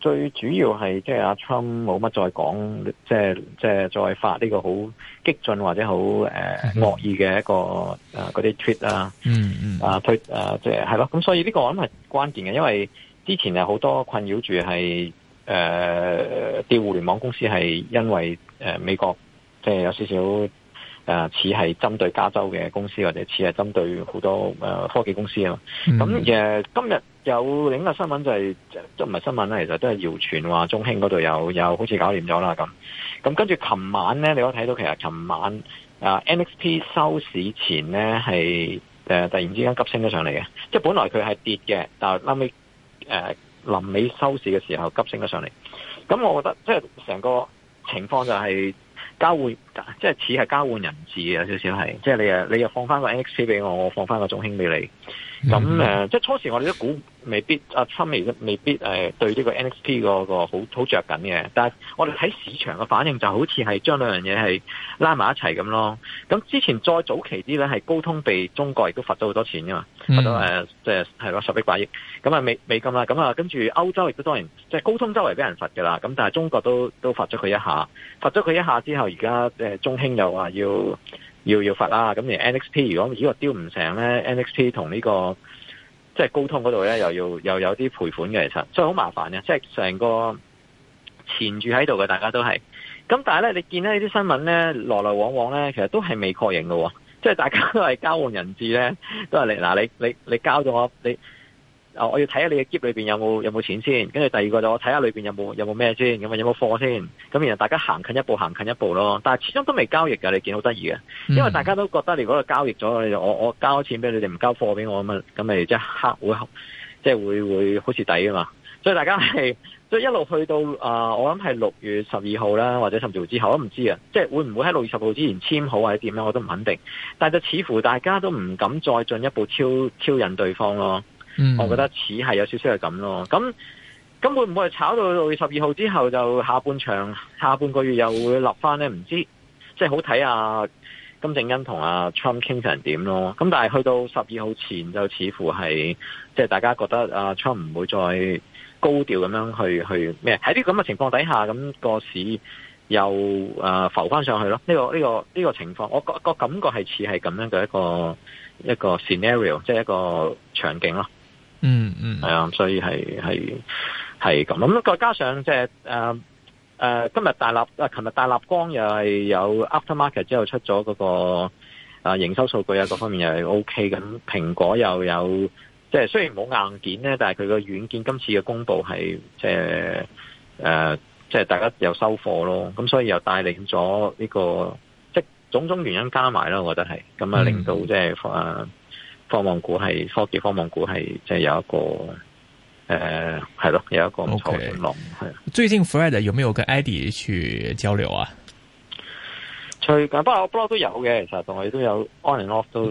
最主要係即係阿 Trump 冇乜再講，即係即係再發呢個好激進或者好誒惡意嘅一個誒嗰啲 tweet 啊，嗯、mm、嗯 -hmm. 啊即係係咯，咁、mm -hmm. 啊就是、所以呢個我諗係關鍵嘅，因為之前有好多困擾住係誒啲互聯網公司係因為誒、呃、美國即係、就是、有少少誒似係針對加州嘅公司或者似係針對好多誒、呃、科技公司啊，咁、mm -hmm. 呃、今日。有另一個新聞就係、即係、都唔係新聞啦，其實都係謠傳話中興嗰度有有好似搞掂咗啦咁。咁跟住琴晚咧，你可以睇到其實琴晚啊、 uh, NXP 收市前咧係誒突然之間急升咗上嚟嘅，即係本來佢係跌嘅，但係後尾誒、呃、臨尾收市嘅時候急升咗上嚟。咁我覺得即係成個情況就係交換，即係似係交換人質有少少係，即係你誒你又放翻個 NXP 俾我，我放翻個中興俾你。咁、嗯、誒，即係、呃、初時我哋都估未必，阿 Trump 亦都未必誒、啊、對呢個 NXP 嗰個好好著緊嘅。但係我哋睇市場嘅反應，就好似係將兩樣嘢係拉埋一齊咁咯。咁之前再早期啲咧，係高通被中國亦都罰咗好多錢噶嘛，罰咗誒即係係咯十億百億。咁啊美美金啦，咁啊跟住歐洲亦都當然即係、就是、高通周圍俾人罰噶啦。咁但係中國都都罰咗佢一下，罰咗佢一下之後，而家、呃、中興又話要。要要罰啦，咁而 NXP 如果呢個丟唔成咧，NXP 同呢個即係高通嗰度咧，又要又有啲賠款嘅，其實所以好麻煩嘅，即係成個纏住喺度嘅，大家都係。咁但係咧，你見呢啲新聞咧，來來往往咧，其實都係未確認嘅，即係大家都係交換人質咧，都係你嗱，你你你交咗我你。我要睇下你嘅 job 裏邊有冇有冇錢先，跟住第二個就我睇下裏邊有冇有冇咩先咁啊，有冇貨先咁。然後大家行近一步，行近一步咯。但係始終都未交易噶，你見好得意嘅，因為大家都覺得如果個交易咗，我我交咗錢俾你哋，唔交貨俾我咁啊，咁咪即刻黑會即係會會，會，會，會好似抵啊嘛。所以大家係即係一路去到啊、呃，我諗係六月十二號啦，或者甚至乎之後我都唔知啊。即係會唔會喺六月十號之前簽好，或者點樣，我都唔肯定。但係就似乎大家都唔敢再進一步超超引對方咯。 我覺得似係有少少係咁咯，咁咁會唔會炒到十二號之後就下半場，下半個月又會立翻呢？唔知即係、就是、好睇呀金正恩同阿 Trump 傾成點咯。咁但係去到十二號前就似乎係即係大家覺得阿 Trump 唔會再高調咁樣去去咩，喺啲咁嘅情況底下，咁、個市又誒浮翻上去咯。呢、個呢、個呢、個情況，我個感覺係似係咁樣嘅一個一個 scenario，即係一個場景咯。嗯嗯，係、嗯、啊，所以係係係咁。咁再加上即係誒誒，今日大立啊，琴日大立光又係有 aftermarket 之後出咗嗰、那個誒營、呃、收數據啊，各方面又係 OK。咁蘋果又有即係、就是、雖然冇硬件咧，但係佢個軟件今次嘅公布係即係誒，即、就、係、是呃就是、大家又收貨咯。咁所以又帶領咗呢、這個即係、就是、種種原因加埋咯，我覺得係咁啊，令到即係誒。嗯科網股係科技科網股係，即、就、係、是、有一個，誒、呃，係咯，有一個唔錯嘅望。係、okay. 最近 Fred 有沒有個 ID 去交流啊？最近不嬲我 blog 都有嘅，其實同佢都有 on and off 都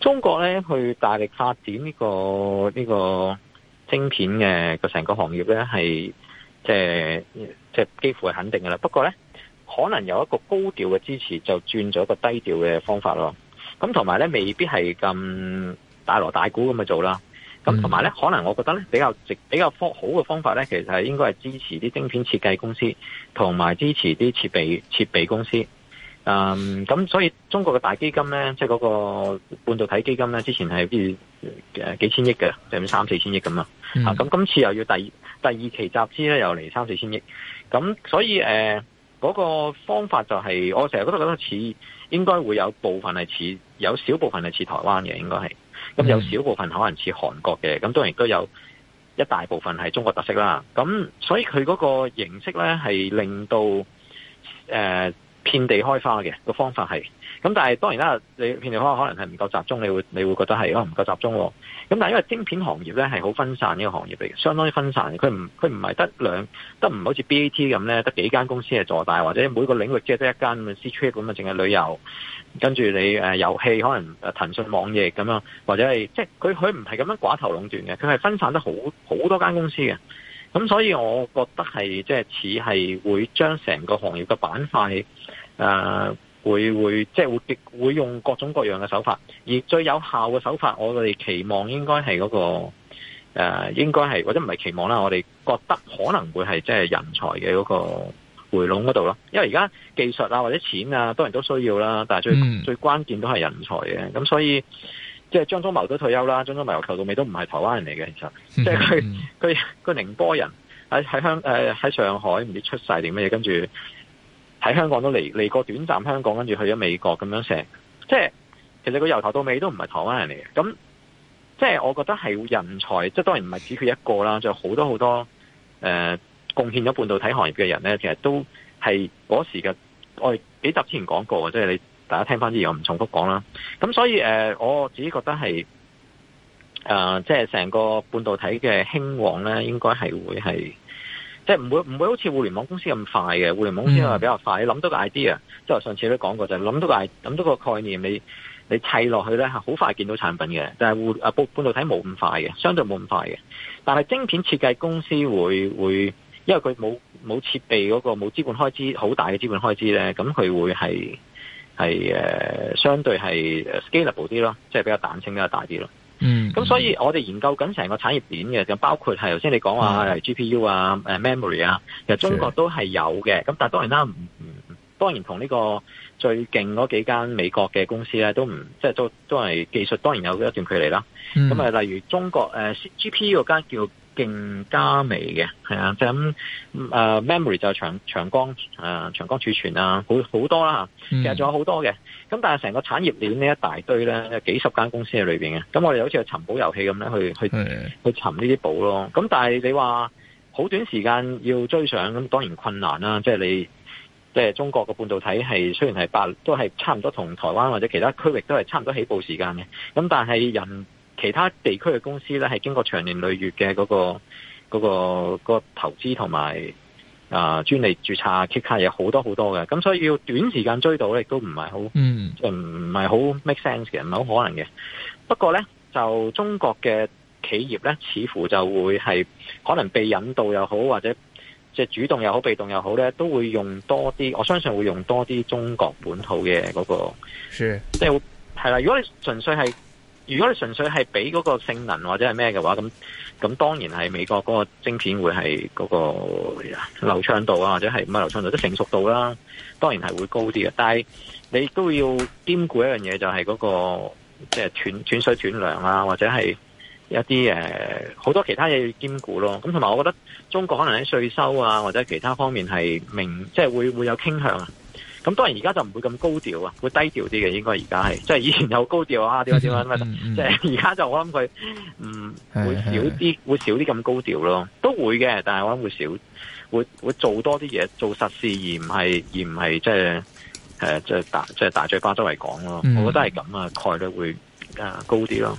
中國咧去大力發展呢、這個呢、這個晶片嘅個成個行業咧係即係即係幾乎係肯定噶啦，不過咧可能有一個高調嘅支持就轉咗一個低調嘅方法咯。咁同埋咧未必係咁大鑼大鼓咁去做啦。咁同埋咧可能我覺得咧比較值比較好嘅方法咧，其實係應該係支持啲晶片設計公司，同埋支持啲設備設備公司。嗯，咁所以中國嘅大基金咧，即係嗰個半導體基金咧，之前係啲誒幾千億嘅，就係三四千億咁嘛。咁、嗯、啊，今次又要第第二期集資咧，又嚟三四千億。咁所以誒，呃，嗰個方法就係我成日都覺得似應該會有部分係似有少部分係似台灣嘅，應該係。咁有少部分可能似韓國嘅。咁當然都有一大部分係中國特色啦。咁所以佢嗰個形式咧係令到誒，呃遍地開花嘅個方法係，咁但係當然啦，你遍地開花可能係唔夠集中，你會你會覺得係咯唔夠集中。咁但係因為晶片行業咧係好分散呢個行業嚟，嘅相當於分散嘅，佢唔佢唔係得兩得唔好似 BAT 咁咧，得幾間公司係坐大，或者每個領域即係得一間。Ctrip 咁啊，淨係旅遊，跟住你誒遊戲可能騰訊網易咁樣，或者係即係佢佢唔係咁樣寡頭壟斷嘅，佢係分散得好好多間公司嘅。咁所以，我覺得係即係似係會將成個行業嘅板塊，誒、呃、會會即係會，極會用各種各樣嘅手法，而最有效嘅手法，我哋期望應該係嗰、嗰個誒、呃，應該係或者唔係期望啦，我哋覺得可能會係即係人才嘅嗰個回籠嗰度啦，因為而家技術啊或者錢啊，當然都需要啦，但係最、嗯、最關鍵都係人才嘅。咁所以。即係張忠謀都退休啦，張忠謀由頭到尾都唔係台灣人嚟嘅，其實，即係佢佢佢寧波人喺喺香誒喺上海唔知出世定乜嘢，跟住喺香港都嚟嚟過短暫香港，跟住去咗美國咁樣成，即係其實佢由頭到尾都唔係台灣人嚟嘅，咁即係我覺得係人才，即係當然唔係只佢一個啦，就有好多好多誒、呃、貢獻咗半導體行業嘅人咧，其實都係嗰時嘅，我哋幾集之前講過嘅，即係你。大家聽翻之後唔重複講啦。咁所以誒、呃，我自己覺得係誒，即係成個半導體嘅興旺咧，應該係會係即係唔會唔會好似互聯網公司咁快嘅。互聯網公司係比較快，你諗到個 idea，即係我上次都講過，就係、是、諗到個諗到個概念，你你砌落去咧，係好快見到產品嘅。但係互半半導體冇咁快嘅，相對冇咁快嘅。但係晶片設計公司會會，因為佢冇冇設備嗰，那個冇資本開支好大嘅資本開支咧，咁佢會係。係誒、呃、相對係 scalable 啲咯，即係比較彈性比較大啲咯。嗯，咁、嗯、所以我哋研究緊成個產業鏈嘅就包括係頭先你講話、啊嗯、G P U 啊、memory 啊，其實中國都係有嘅。咁但係當然啦，當然同呢個最勁嗰幾間美國嘅公司咧都唔即係都都係技術當然有一段距離啦。咁、嗯、啊，就例如中國誒、呃、G P U 嗰間叫。更加微嘅，係啊，就咁、是、啊、呃、memory 就長長江啊，長江儲、呃、存啊，好好多啦，其實仲有好多嘅，咁、嗯、但係成個產業鏈呢一大堆咧，有幾十間公司喺裏邊嘅，咁我哋好似去尋寶遊戲咁咧，去去去尋呢啲寶咯，咁但係你話好短時間要追上，咁當然困難啦，即、就、係、是、你即係、就是、中國嘅半導體係，雖然係八都係差唔多，同台灣或者其他區域都係差唔多起步時間嘅，咁但係人。其他地區嘅公司咧，係經過長年累月嘅嗰個嗰個嗰投資同埋啊專利註冊，其實有好多好多嘅。咁所以要短時間追到咧，亦都唔係好，即係唔係好 make sense 嘅，唔係好可能嘅。不過咧，就中國嘅企業咧，似乎就會係可能被引導又好，或者即係主動又好、被動又好咧，都會用多啲。我相信會用多啲中國本土嘅嗰個，是即係啦。如果你純粹係。如果你純粹係俾嗰個性能或者係咩嘅話，咁咁當然係美國嗰個晶片會係嗰個流暢度啊，或者係唔係流暢度，即、就係、成熟度啦，當然係會高啲嘅。但係你都要兼顧一樣嘢、嗰個，就係、係、嗰、嗰個即係斷斷水斷糧啊，或者係一啲誒好多其他嘢要兼顧咯。咁同埋我覺得中國可能喺稅收啊或者其他方面係明，即、就、係、係、會會有傾向。咁當然而家就唔會咁高調啊，會低調啲嘅應該而家係，即係以前有高調啊，點樣點樣即係而家就我諗佢嗯，會少啲，會少啲咁高調咯。都會嘅，但係我諗會少，會會做多啲嘢，做實事而唔係而唔係即係即係大即係大嘴巴周圍講咯、嗯。我覺得係咁啊，概率會、啊、高啲咯。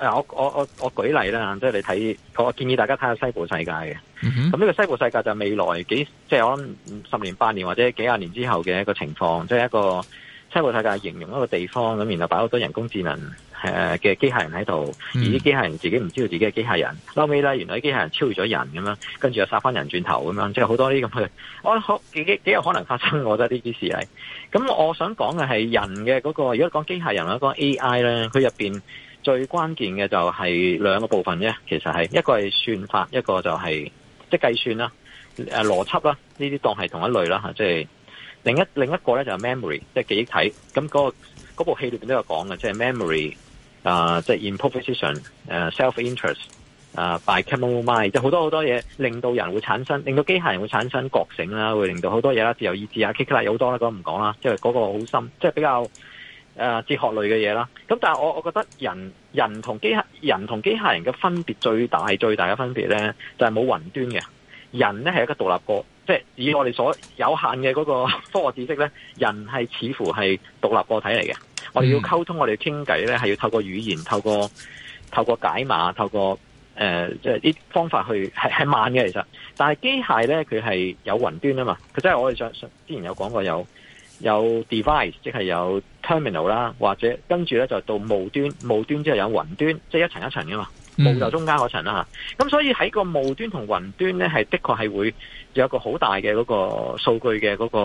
誒，我我我我舉例啦，即係你睇，我建議大家睇下《西部世界》嘅、嗯。咁呢個《西部世界》就未來幾，即係我諗十年八年或者幾廿年之後嘅一個情況，即係一個《西部世界》形容一個地方，咁然後擺好多人工智能誒嘅機械人喺度、嗯，而啲機械人自己唔知道自己係機械人，後尾咧原來啲機械人超越咗人咁樣，跟住又殺翻人轉頭咁樣，即係好多呢啲咁嘅，我覺得幾，幾有可能發生過。我覺得呢啲事係。咁我想講嘅係人嘅嗰個，如果講機械人啊，講 AI 咧，佢入邊。最關鍵嘅就係兩個部分啫，其實係一個係算法，一個就係即係計算啦，誒邏輯啦，呢啲當係同一類啦嚇。即係另一另一個咧就係 memory，即係記憶體。咁嗰個嗰部戲裏邊都有講嘅，即係 memory 啊，即係 improvisation 誒 self-interest 啊，by common mind，即係好多好多嘢令到人會產生，令到機械人會產生覺醒啦，會令到好多嘢啦，自由意志啊，kick 其他有好多啦，咁唔講啦。即係嗰個好深，即係比較。誒、啊、哲學類嘅嘢啦，咁但係我我覺得人人同，人同機械人同機械人嘅分別最大係最大嘅分別咧，就係冇雲端嘅人咧係一個獨立個，即係以我哋所有限嘅嗰個科學知識咧，人係似乎係獨立個體嚟嘅。我哋要溝通，我哋傾偈咧係要透過語言、透過透過解碼、透過誒即係啲方法去係係慢嘅其實，但係機械咧佢係有雲端啊嘛，佢即係我哋上上之前有講過有。有 device 即係有 terminal 啦，或者跟住咧就到無端無端之後有雲端，即係、就是、一層一層噶嘛。無就中間嗰層啦嚇。咁所以喺個無端同雲端咧，係的確係會有一個好大嘅嗰個數據嘅嗰、那個、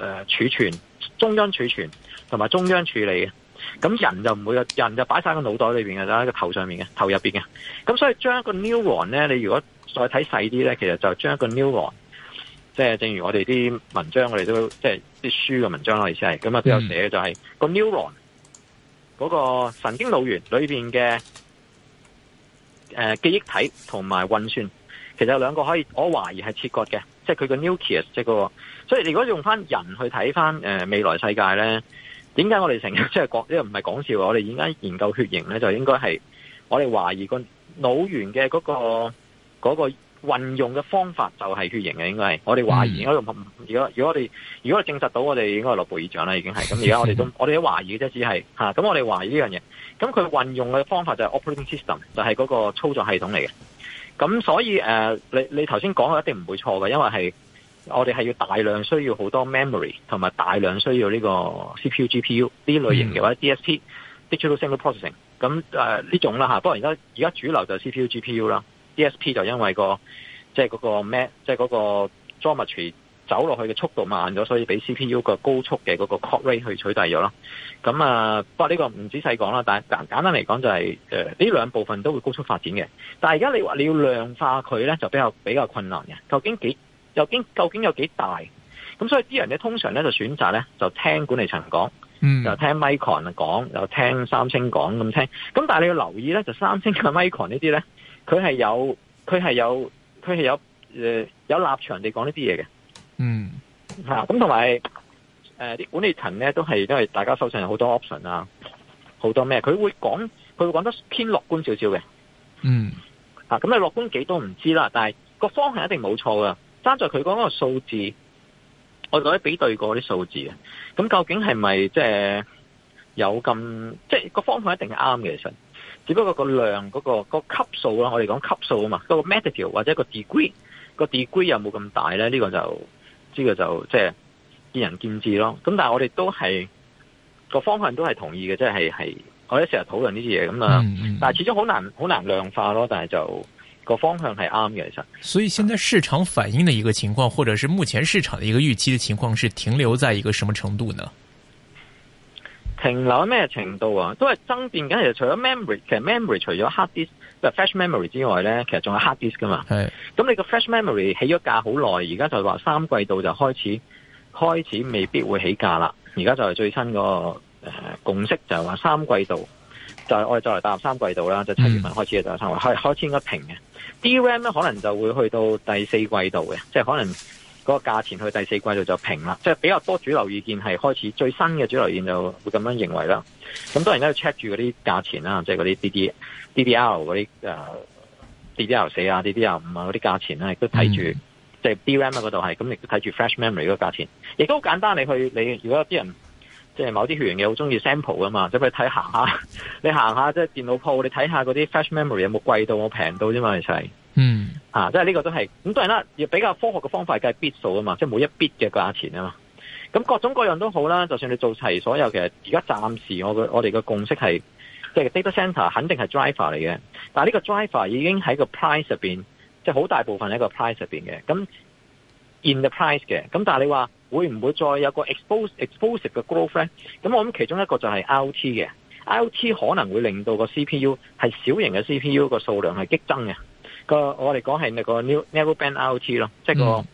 呃、儲存中央儲存同埋中央處理嘅。咁人就唔會有，有人就擺晒個腦袋裏邊嘅啦，個頭上面嘅頭入面嘅。咁所以將一個 neuron 咧，你如果再睇細啲咧，其實就將一個 neuron。即係，正如我哋啲文章，我哋都即係啲書嘅文章我意思係咁啊，都有寫就係個 neuron 嗰個神經腦元裏邊嘅誒記憶體同埋運算，其實有兩個可以，我懷疑係切割嘅，即係佢個 nucleus 即係個。所以如果用翻人去睇翻誒未來世界咧，點解我哋成日即係講，因為唔係講笑啊，我哋而家研究血型咧，就應該係我哋懷疑嗰個腦元嘅嗰個個。那個運用嘅方法就係血型嘅，應該係我哋懷疑。嗯、如果如果我哋如果我證實到，我哋應該係諾貝爾獎啦，已經係。咁而家我哋都我哋都懷疑嘅啫，只係嚇。咁、啊、我哋懷疑呢樣嘢。咁佢運用嘅方法就係 operating system，就係嗰個操作系統嚟嘅。咁所以誒、呃，你你頭先講嘅一定唔會錯嘅，因為係我哋係要大量需要好多 memory，同埋大量需要呢個 CPU、GPU 呢類型嘅或者、嗯、DST digital signal processing。咁誒呢種啦嚇，不過而家而家主流就係 CPU、GPU 啦。DSP 就因為、嗰個即係嗰個咩，即係嗰個 DRAM 走落去嘅速度慢咗，所以俾 CPU 個高速嘅嗰個 core rate 去取代咗咯。咁啊，不過呢個唔仔細講啦，但簡簡單嚟講就係誒呢兩部分都會高速發展嘅。但係而家你話你要量化佢咧，就比較比較困難嘅。究竟幾究竟究竟有幾大？咁所以啲人咧通常咧就選擇咧就聽管理層講、嗯，就聽 Micron 講，就聽三星講咁聽。咁但係你要留意咧，就三星嘅 Micron 這些呢啲咧。佢係有，佢係有，佢係有，誒、呃、有立場地講呢啲嘢嘅。嗯，吓咁同埋誒啲管理層咧都係因為大家手上有好多 option 啊，好多咩？佢會講，佢會講得偏樂觀少少嘅。嗯，吓咁你樂觀幾多唔知啦，但係個方向一定冇錯噶爭在佢講嗰個數字，我到底比對過啲數字啊，咁究竟係咪即係有咁？即係個方向一定係啱嘅，其實。只不過那個量嗰、那個、那個級數啦，我哋講級數啊嘛，嗰、那個 metric 或者個 degree 那個 degree 有冇咁大咧？呢、這個就呢、這個就即係、就是、見仁見智咯。咁但係我哋都係、那個方向都係同意嘅，即係係我哋成日討論呢啲嘢咁啊。但係始終好難好難量化咯。但係就、那個方向係啱嘅，其實。所以現在市場反映的一個情況，或者是目前市場的一個預期的情況，是停留在一個什麼程度呢？停留喺咩程度啊？都係爭辯緊。其實除咗 memory，其實 memory 除咗 hard disk，即係 flash memory 之外咧，其實仲有 hard disk 噶嘛。咁你個 flash memory 起咗價好耐，而家就係話三季度就開始開始未必會起價啦。而家就係最新個、呃、共識就係話三季度，就我哋就嚟踏入三季度啦、嗯，就七月份開始就三開開始應該平嘅 DRAM 咧，可能就會去到第四季度嘅，即、就、係、是、可能。嗰、那個價錢去第四季度就平啦，即、就、係、是、比較多主流意見係開始，最新嘅主流意見就會咁樣認為啦。咁當然咧 check 住嗰啲價錢啦，即係嗰啲 DDR DDR 嗰啲誒 DDR 四啊 DDR 五啊嗰啲價錢亦都睇住，即係 DRAM 嗰度係咁，亦都睇住 Flash Memory 個價錢，亦、就是 uh, 啊啊、都好、嗯就是、簡單。你去你如果有啲人即係、就是、某啲學員嘅好中意 sample 噶嘛，咁你睇行下， 你行一下即係、就是、電腦鋪，你睇下嗰啲 Flash Memory 有冇貴到，有冇平到啫嘛其實係。就是嗯，啊，即係呢個是、嗯、都係咁，當然啦，要比較科學嘅方法計 bit 數啊嘛，即係每一 bit 嘅價錢啊嘛。咁各種各樣都好啦，就算你做齊所有嘅，而家暫時我嘅我哋嘅共識係即係 data center 肯定係 driver 嚟嘅，但係呢個 driver 已經喺個 price 入邊，即係好大部分喺個 price 入邊嘅。咁 in the price 嘅，咁但係你話會唔會再有個 expose explosive 嘅 growth 咧？咁我諗其中一個就係 IoT 嘅 IoT 可能會令到個 CPU 係小型嘅 CPU 個數量係激增嘅。個我哋講係那個 new narrowband IoT 咯，即個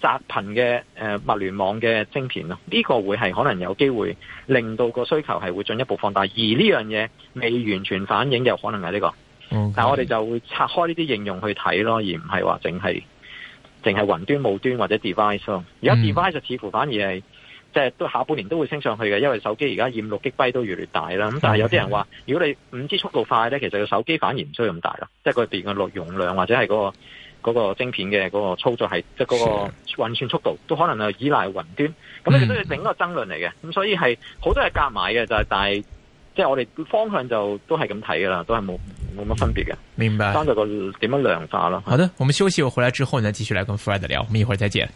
窄頻嘅、呃、物聯網嘅晶片咯，呢、這個會係可能有機會令到個需求係會進一步放大，而呢樣嘢未完全反映嘅可能係呢、這個。Okay. 但我哋就會拆開呢啲應用去睇咯，而唔係話淨係淨係雲端，無端或者 device 咯。而家 device 就似乎反而係。即、就、係、是、都下半年都會升上去嘅，因為手機而家驗六吉巴都越嚟越大啦。咁但係有啲人話，如果你五 G 速度快咧，其實個手機反而唔需要咁大啦，即係個變嘅六容量或者係嗰、嗰個、嗰個晶片嘅嗰個操作系即係嗰個運算速度都可能係依賴雲端。咁呢都要整個爭論嚟嘅。咁所以係好多嘢夾埋嘅就係，但係即係我哋方向就都係咁睇噶啦，都係冇冇乜分別嘅。明白。翻到個點樣量化啦。好的，我們休息，我回來之後再繼續來跟 Fred 聊。我們一會再見。